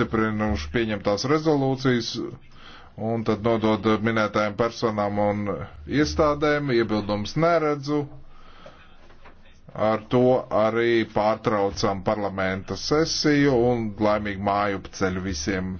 apstiprinuši pieņemtās rezolūcijas un tad nodod minētājiem personām un iestādēm, iebildums neredzu. Ar to arī pārtraucam parlamenta sesiju un laimīgu māju ceļu visiem.